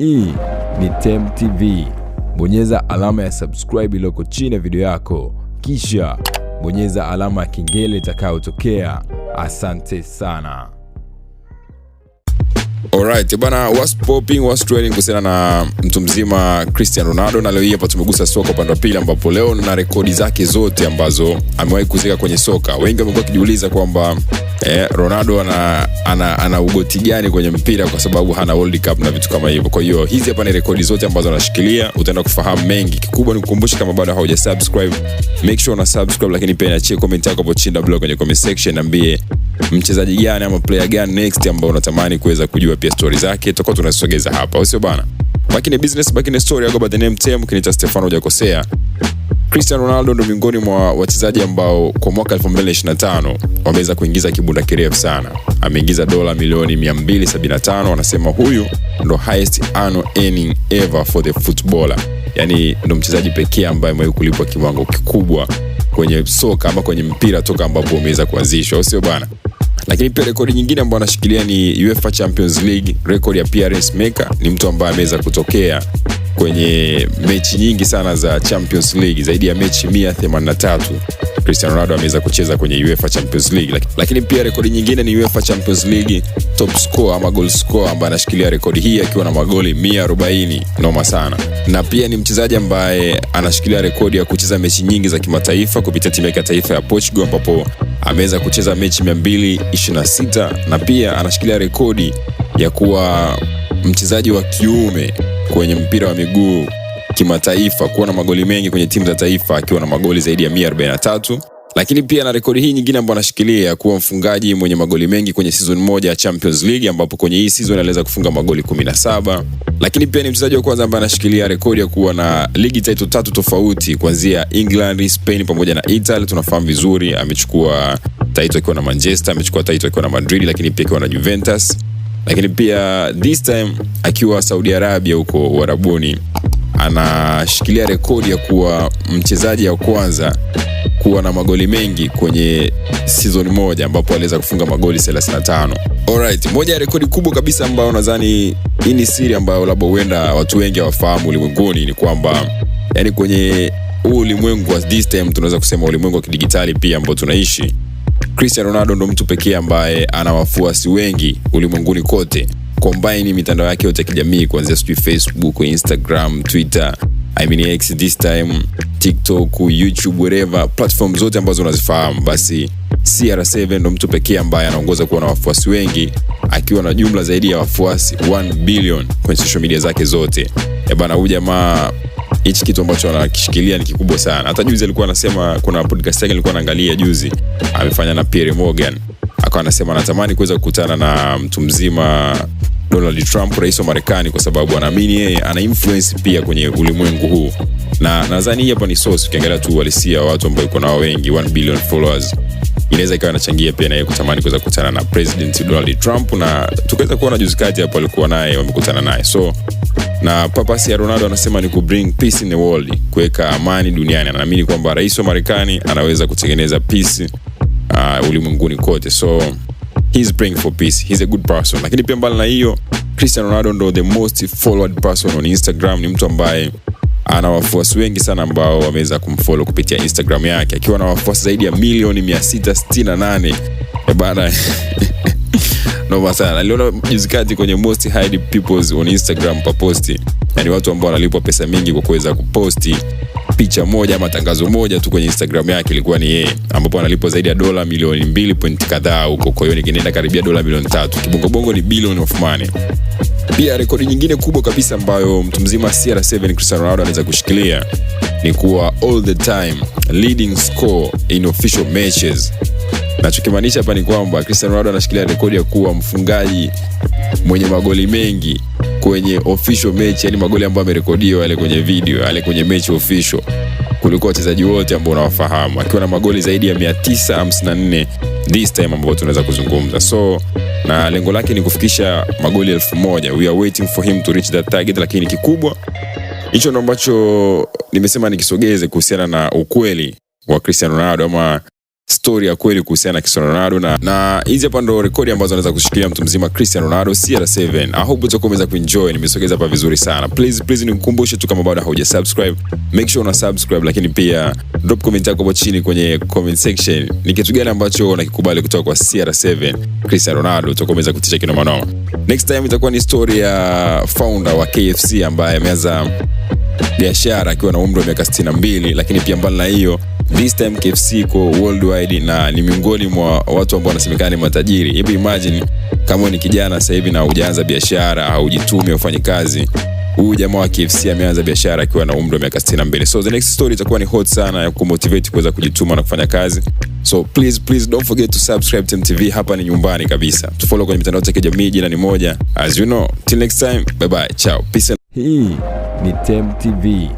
Hii ni Temu TV. Bonyeza alama ya subscribe iliyoko chini ya video yako, kisha bonyeza alama ya kengele itakayotokea. Asante sana. Alright, bana what's popping, what's trending kuhusiana na mtu mzima Cristiano Ronaldo, na leo hii hapa tumegusa soka upande wa pili, ambapo leo na rekodi zake zote ambazo amewahi kuzika kwenye soka. Wengi wamekuwa wakijiuliza kwamba eh, Ronaldo ana, ana, ana ugoti gani kwenye mpira kwa sababu hana World Cup na vitu kama hivyo. Kwa hiyo hizi hapa ni rekodi zote ambazo anashikilia, utaenda kufahamu mengi. Kikubwa ni kukumbusha kama bado hauja subscribe, make sure una subscribe, lakini pia niachie comment yako hapo chini blog kwenye comment section, niambie mchezaji gani ama player gani next ambao unatamani kuweza kujua pia story zake, tutakuwa tunasogeza hapa, sio bana? Baki ni business, baki ni story. Ago by the name Tem, kinita Stefano, hujakosea. Cristiano Ronaldo ndo miongoni mwa wachezaji ambao kwa mwaka 2025 wameweza kuingiza kibunda kirefu sana. Ameingiza dola milioni 275. Wanasema huyu ndo highest annual earning ever for the footballer, yaani ndo mchezaji pekee ambaye amewahi kulipwa kiwango kikubwa kwenye soka ama kwenye mpira toka ambapo umeweza kuanzishwa, au sio bwana? Lakini pia rekodi nyingine ambayo anashikilia ni UEFA Champions League, rekodi ya PRS maker. Ni mtu ambaye ameweza kutokea kwenye mechi nyingi sana za Champions League, zaidi ya mechi 183 Cristiano Ronaldo ameweza kucheza kwenye UEFA Champions League, lakini pia rekodi nyingine ni UEFA Champions League top scorer ama goal scorer ambaye anashikilia rekodi hii akiwa na magoli 140, noma sana. Na pia ni mchezaji ambaye anashikilia rekodi ya kucheza mechi nyingi za kimataifa kupitia timu yake ya taifa ya Portugal ambapo ameweza kucheza mechi 226 na pia anashikilia rekodi ya kuwa mchezaji wa kiume kwenye mpira wa miguu kimataifa, kuwa na magoli mengi kwenye timu za taifa akiwa na magoli zaidi ya 143 lakini pia na rekodi hii nyingine ambayo anashikilia kuwa mfungaji mwenye magoli mengi kwenye season moja ya Champions League ambapo kwenye hii season aliweza kufunga magoli 17. Lakini pia ni mchezaji wa kwanza ambaye anashikilia rekodi ya kuwa na ligi title tatu tofauti kuanzia England, Spain pamoja na Italy. Tunafahamu vizuri amechukua title akiwa na Manchester, amechukua title akiwa na Madrid, lakini pia akiwa na Juventus, lakini pia this time akiwa Saudi Arabia huko Uarabuni anashikilia rekodi ya kuwa mchezaji wa kwanza kuwa na magoli mengi kwenye season moja ambapo aliweza kufunga magoli 35. Alright, moja ya rekodi kubwa kabisa ambayo nadhani hii ni siri ambayo labda huenda watu wengi hawafahamu ulimwenguni ni kwamba yani kwenye huu ulimwengu wa this time tunaweza kusema ulimwengu wa kidigitali pia ambao tunaishi, Cristiano Ronaldo ndo mtu pekee ambaye ana wafuasi wengi ulimwenguni kote kukombine mitandao yake yote ya kijamii kuanzia sijui Facebook, Instagram, Twitter, I mean X this time, TikTok, YouTube, wherever platform zote ambazo unazifahamu, basi CR7 ndo mtu pekee ambaye anaongoza kuwa na wafuasi wengi akiwa na jumla zaidi ya wafuasi 1 billion kwenye social media zake zote. E bana, jamaa hichi kitu ambacho anakishikilia ni kikubwa sana. Hata juzi alikuwa anasema, kuna podcast yake alikuwa anaangalia juzi, amefanya na Pierre Morgan akawa anasema anatamani kuweza kukutana na mtu mzima Donald Trump, rais wa Marekani, kwa sababu anaamini yeye ana influence pia kwenye ulimwengu huu, na nadhani hii hapa ni source. Ukiangalia tu uhalisia wa watu ambao iko nao wengi 1 billion followers, inaweza ikawa inachangia pia na yeye kutamani kuweza kukutana na President Donald Trump, na tukaweza kuona juzi kati hapo alikuwa naye wamekutana naye so na papasi ya Ronaldo anasema ni ku bring peace in the world, kuweka amani duniani. Anaamini kwamba rais wa Marekani anaweza kutengeneza peace uh, ulimwenguni kote, so he's praying for peace, he's a good person. Lakini pia mbali na hiyo, cristian Ronaldo ndo the most followed person on Instagram, ni mtu ambaye ana wafuasi wengi sana ambao wameweza kumfolo kupitia Instagram yake akiwa na wafuasi zaidi ya milioni 668 eh, bana noma sana. Naliona juzi kwenye most hid peoples on Instagram paposti na ni watu ambao wanalipwa pesa mingi kwa kuweza kuposti picha moja ama tangazo moja tu kwenye Instagram yake ilikuwa ni yeye, ambapo analipwa zaidi ya dola milioni mbili point kadhaa huko. Kwa hiyo nikienda karibia dola milioni tatu kibongobongo ni billion of money. Pia rekodi nyingine kubwa kabisa ambayo mtu mzima CR7 Cristiano Ronaldo anaweza kushikilia ni kuwa all the time leading score in official matches. Nachokimaanisha hapa ni kwamba Cristiano Ronaldo anashikilia rekodi ya kuwa mfungaji mwenye magoli mengi kwenye official mechi, yani magoli ambayo amerekodiwa yale kwenye video yale kwenye mechi official kuliko wachezaji wote ambao unawafahamu, akiwa na magoli zaidi ya 954 this time ambao tunaweza kuzungumza. So na lengo lake ni kufikisha magoli 1000. We are waiting for him to reach that target, lakini kikubwa hicho ndo ambacho nimesema nikisogeze kuhusiana na ukweli wa Cristiano Ronaldo ama stori ya kweli kuhusiana na Cristiano Ronaldo na na hizi hapa ndo rekodi ambazo anaweza kushikilia mtu mzima Cristiano Ronaldo CR7. I hope utakuwa umeweza kuenjoy, nimesogeza hapa vizuri sana. Please please nikukumbushe tu kama bado hauja subscribe, make sure una subscribe, lakini pia drop comment yako hapo chini kwenye comment section. Ni kitu gani ambacho unakikubali kutoka kwa CR7 Cristiano Ronaldo? Utakuwa umeweza kutisha kinoma noma. Next time itakuwa ni story ya founder wa KFC ambaye ameanza biashara akiwa na umri wa miaka 62, lakini pia mbali na hiyo this time KFC iko worldwide na ni miongoni mwa watu ambao wanasemekana ni matajiri. Hebu imagine kama ni kijana sasa hivi na hujaanza biashara, haujitumi, ufanye kazi huyu jamaa wa KFC ameanza biashara akiwa na umri wa miaka 62. So the next story itakuwa ni hot sana ya kumotivate kuweza kujituma na kufanya kazi. So please please don't forget to subscribe TemuTV, hapa ni nyumbani kabisa. Tufollow kwenye mitandao yote ya kijamii, jina ni moja. As you know, till next time, bye bye. Ciao. Peace. and hii ni Temu TV.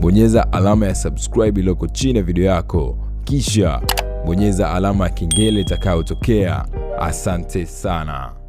Bonyeza alama ya subscribe iliyoko chini ya video yako, kisha bonyeza alama ya kengele itakayotokea. Asante sana.